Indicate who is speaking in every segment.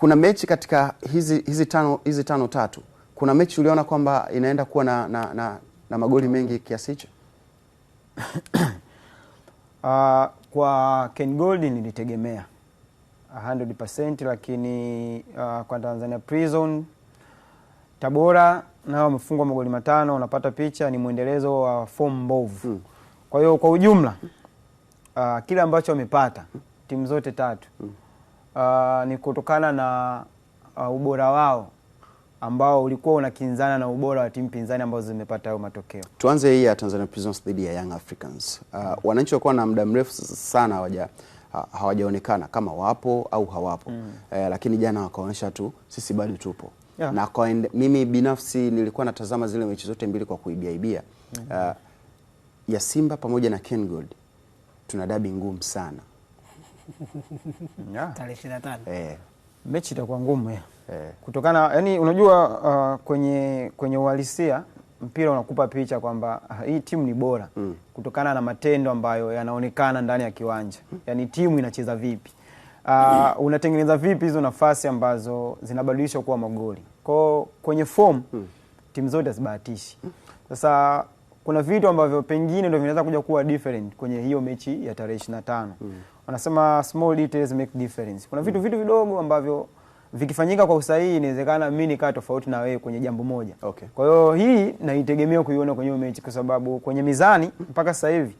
Speaker 1: kuna mechi katika hizi, hizi, tano, hizi tano tatu kuna mechi uliona kwamba inaenda kuwa na, na, na, na magoli mengi kiasi hicho?
Speaker 2: Uh, kwa Ken Gold nilitegemea 100% lakini uh, kwa Tanzania Prison Tabora nao wamefungwa magoli matano. Unapata picha, ni mwendelezo wa form mbovu mm. Kwa hiyo kwa ujumla uh, ah, kile ambacho wamepata timu zote tatu mm uh, ni kutokana na uh, ubora wao ambao ulikuwa unakinzana na ubora wa timu pinzani ambazo zimepata hayo matokeo.
Speaker 1: Tuanze hii ya Tanzania Prisons dhidi ya Young Africans. Uh, wananchi walikuwa na muda mrefu sana hawaja hawajaonekana kama wapo au hawapo mm. Eh, lakini jana wakaonyesha tu sisi bado tupo yeah. Na kwa ende, mimi binafsi nilikuwa natazama zile mechi zote mbili kwa kuibiaibia mm -hmm. Uh, ya Simba pamoja na KenGold tuna dabi ngumu sana
Speaker 2: tarehe 25 eh, mechi itakuwa ngumu ya eh. eh, kutokana yani, unajua uh, kwenye kwenye uhalisia mpira unakupa picha kwamba uh, hii timu ni bora mm, kutokana na matendo ambayo yanaonekana ndani ya kiwanja mm, yani timu inacheza vipi uh, mm, unatengeneza vipi hizo nafasi ambazo zinabadilishwa kuwa magoli kwao kwenye form mm, timu zote hazibahatishi mm. sasa kuna vitu ambavyo pengine ndio vinaweza kuja kuwa different kwenye hiyo mechi ya tarehe 25. Mm wanasema small details make difference. Kuna vitu mm. vitu vidogo ambavyo vikifanyika kwa usahihi inawezekana mimi nikaa tofauti na wewe kwenye jambo moja. Okay. Kwa hiyo hii naitegemea kuiona kwenye mechi kwa sababu kwenye mizani mpaka sasa hivi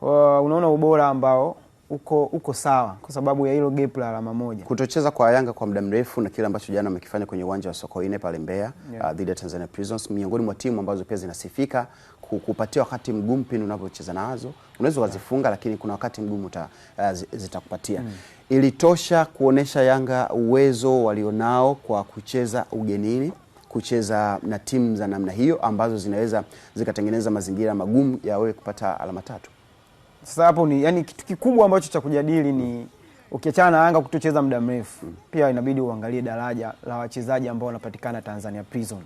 Speaker 2: uh, unaona ubora ambao uko uko sawa kwa sababu ya hilo gap la alama moja.
Speaker 1: Kutocheza kwa Yanga kwa muda mrefu na kile ambacho jana wamekifanya kwenye uwanja wa Sokoine pale Mbeya dhidi yeah, uh, ya Tanzania Prisons miongoni mwa timu ambazo pia zinasifika kukupatia wakati mgumu pindi unapocheza nazo. Unaweza ukazifunga, lakini kuna wakati mgumu uh, zitakupatia mm. Ilitosha kuonesha Yanga uwezo walionao kwa kucheza ugenini kucheza na timu za namna hiyo ambazo zinaweza zikatengeneza mazingira magumu ya wewe kupata alama tatu.
Speaker 2: Sasa hapo ni yani, kitu kikubwa ambacho cha kujadili ni ukiachana na Yanga kutocheza muda mrefu, hmm. pia inabidi uangalie daraja la wachezaji ambao wanapatikana Tanzania Prison.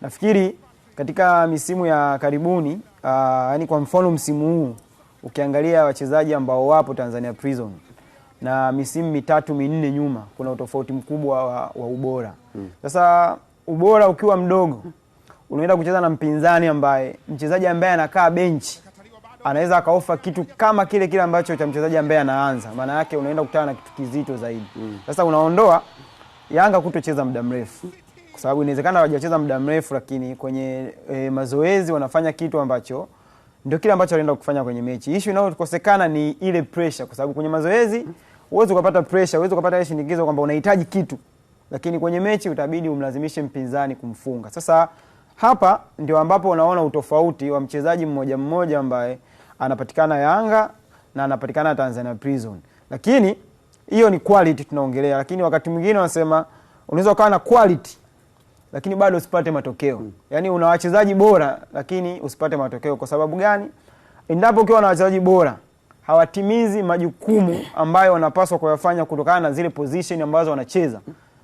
Speaker 2: Nafikiri katika misimu ya karibuni uh, ah, yani kwa mfano msimu huu ukiangalia wachezaji ambao wapo Tanzania Prison na misimu mitatu minne nyuma, kuna utofauti mkubwa wa, wa ubora. Hmm. Sasa ubora ukiwa mdogo, unaenda kucheza na mpinzani ambaye mchezaji ambaye anakaa benchi anaweza akaofa kitu kama kile kile ambacho cha mchezaji ambaye anaanza. Maana yake unaenda kukutana na kitu kizito zaidi. Hmm. Sasa unaondoa Yanga kutocheza muda mrefu kwa sababu inawezekana hawajacheza muda mrefu, lakini kwenye e, mazoezi wanafanya kitu ambacho ndio kile ambacho walienda kufanya kwenye mechi. Issue inayokosekana ni ile pressure, kwa sababu kwenye mazoezi huwezi ukapata pressure, huwezi ukapata shinikizo kwamba unahitaji kitu, lakini kwenye mechi utabidi umlazimishe mpinzani kumfunga. Sasa hapa ndio ambapo unaona utofauti wa mchezaji mmoja mmoja ambaye anapatikana Yanga na anapatikana Tanzania Prison, lakini hiyo ni quality tunaongelea, lakini wakati mwingine wanasema unaweza ukawa na quality lakini bado usipate matokeo mm. Yaani una wachezaji bora lakini usipate matokeo. Kwa sababu gani? Endapo ukiwa na wachezaji bora hawatimizi majukumu ambayo wanapaswa kuyafanya kutokana na zile position ambazo wanacheza,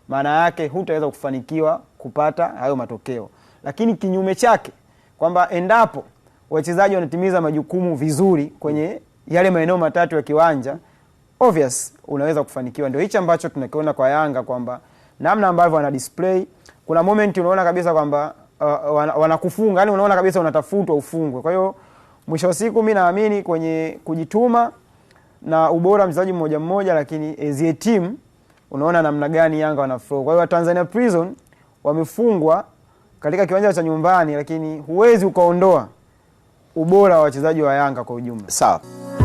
Speaker 2: maana yake hutaweza kufanikiwa kupata hayo matokeo. Lakini kinyume chake, kwamba endapo wachezaji wanatimiza majukumu vizuri kwenye yale maeneo matatu ya kiwanja, obvious unaweza kufanikiwa. Ndio hicho ambacho tunakiona kwa Yanga kwamba namna ambavyo wana display kuna moment unaona kabisa kwamba uh, wanakufunga yani, unaona kabisa unatafutwa ufungwe. Kwa hiyo mwisho wa siku mi naamini kwenye kujituma na ubora mchezaji mmoja mmoja, lakini as a team unaona namna gani Yanga wana flow. Kwa hiyo Tanzania Prison wamefungwa katika kiwanja cha nyumbani, lakini huwezi ukaondoa ubora wa wachezaji wa Yanga kwa ujumla.
Speaker 1: Sawa.